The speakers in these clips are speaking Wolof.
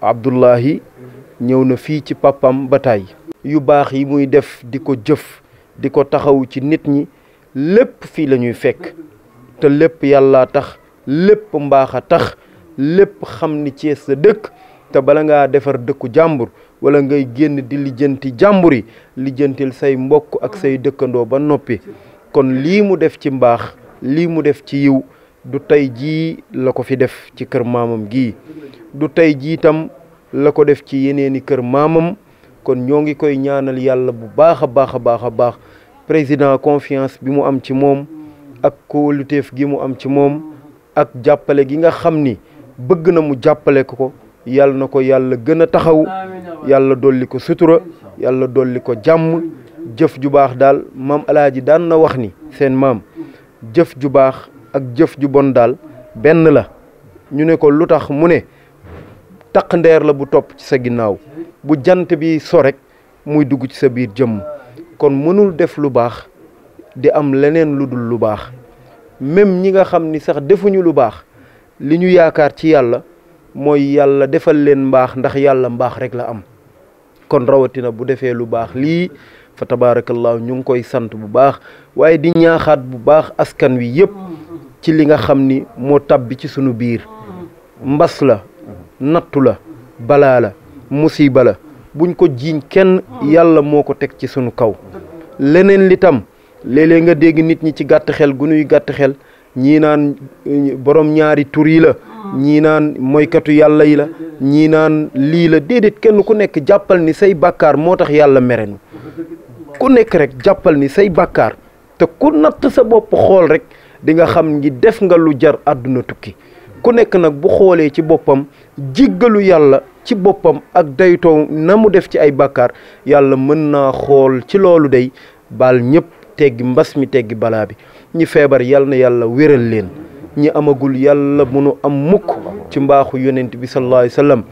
Abdullahi ñëw na fii ci papam ba tàyyi yu baax yi muy def di ko jëf di ko taxaw ci nit ñi lépp fii lañuy fekk te lépp yàlla tax lépp mbaax a tax lépp xam ni Cees sa dëkk te bala ngaa defar dëkku jàmbur wala ngay génn di lijjanti jàmbur yi lijjantil say mbokk ak say dëkkandoo ba noppi kon lii mu def ci mbaax lii mu def ci yiw du tay ji lako fi def ci keur mamam gi du tay ji tam lako def ci yeneeni keur mamam kon ñongi koy ñaanal yalla bu baaxa baaxa baaxa baax president confiance bi mu am ci mom ak lutef gi mu am ci mom ak jappale gi nga xamni bëgg na mu jappale ko yalla nako yalla gëna taxaw yalla doli ko sutura yalla doli ko jamm jëf ju baax dal mam alaaji dan na wax ni seen mam jëf ju baax ak jëf ju bon daal benn la ñu ne ko lu tax mu ne taq ndeer la bu topp ci sa ginnaaw bu jant bi so rek muy dugg ci sa biir jëmm kon mënul def lu baax di am leneen lu dul lu baax même ñi nga xam ni sax defuñu lu baax li ñu yaakaar ci yàlla mooy yàlla defal leen mbaax ndax yàlla mbaax rek la am kon rawatina bu defee lu baax lii fa tabaarakallaahu ñu ngi koy sant bu baax waaye di ñaaxaat bu baax askan wi yëpp ci li nga xam ni moo tàbbi ci sunu biir mbas la nattu la balaa la musiba la buñ ko jiiñ kenn yàlla moo ko teg ci sunu kaw leneen li tam léeg nga dégg nit ñi ci gàtt xel gu nuy gàtt xel ñii naan eh, borom ñaari tur yi la ñii naan moykatu yàlla yi la ñii naan lii la déedéet kenn ku nekk jàppal ni say bàkkaar moo tax yàlla merenu ku nekk rek jàppal ni say bàkkaar te ku natt sa bopp xool rek dinga xam ni def nga lu jar àdduna tukki ku nekk nag bu xoolee ci boppam jiggalu yàlla ci boppam ak daytoo na mu def ci ay bàkkaar yàlla mën naa xool ci loolu day baal ñëpp teggi mbas mi teggi balaa bi ñi feebar yal na yàlla wéral leen ñi amagul yàlla mënu am mukk ci mbaaxu yonent bi sallallahu alayhi wasallam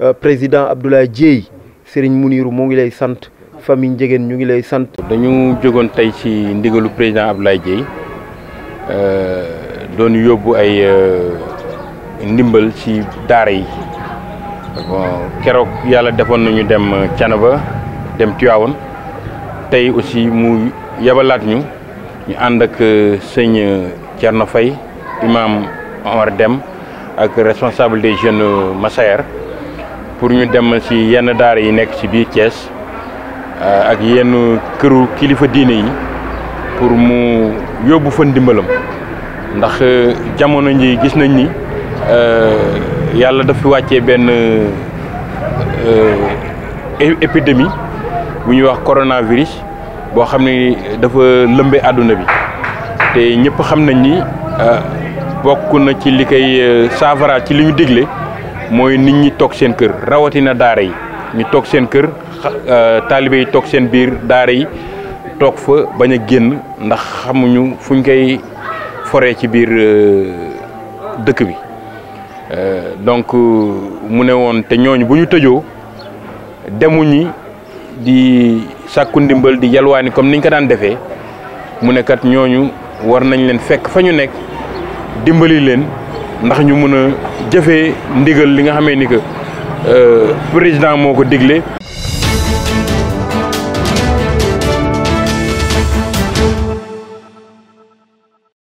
euh, président Abdoulaye Dieye Serigne Muniru mu ngi lay sant famille Ndiéguène ñu ngi lay sant dañu jógoon tey ci ndigalu président Abdoulaye Dieye Eh, don yobbu ay eh, ndimbal ci daara yi bon kérok yalla defon nañu dem Thiénaba dem Tivaouane tay aussi mu yabalat ñu ñu and ak eh, seigne tierno fay imam Omar Dem ak responsable des jeunes Massaer pour ñu dem ci yenn daara yi nek ci bi Thiès ak yenn këru kilifa diine yi pour mu yóbbu fa ndimbalam ndax euh, jamono ji gis nañ ni euh, yàlla dafa wàccee benn euh, épidémie bu ñuy wax coronavirus boo xam ne dafa lëmbe àdduna bi te ñëpp xam nañ ni bokk na ci li koy saafara ci li ñu digle mooy nit ñi toog seen kër rawatina daara yi ñu toog seen kër taalibe yi toog seen biir daara yi toog fa bañ a génn ndax xamuñu fuñ koy foree ci biir euh, dëkk bi euh, donc euh, mu ne woon te ñooñu bu ñu tëjoo demuñi di sàkku ndimbal di yalwaani comme niñ ko daan defee mu ne ñooñu war nañ leen fekk fa ñu nekk dimbali leen ndax ñu mën a jëfee ndigal li nga xamee ni que président moo ko digle.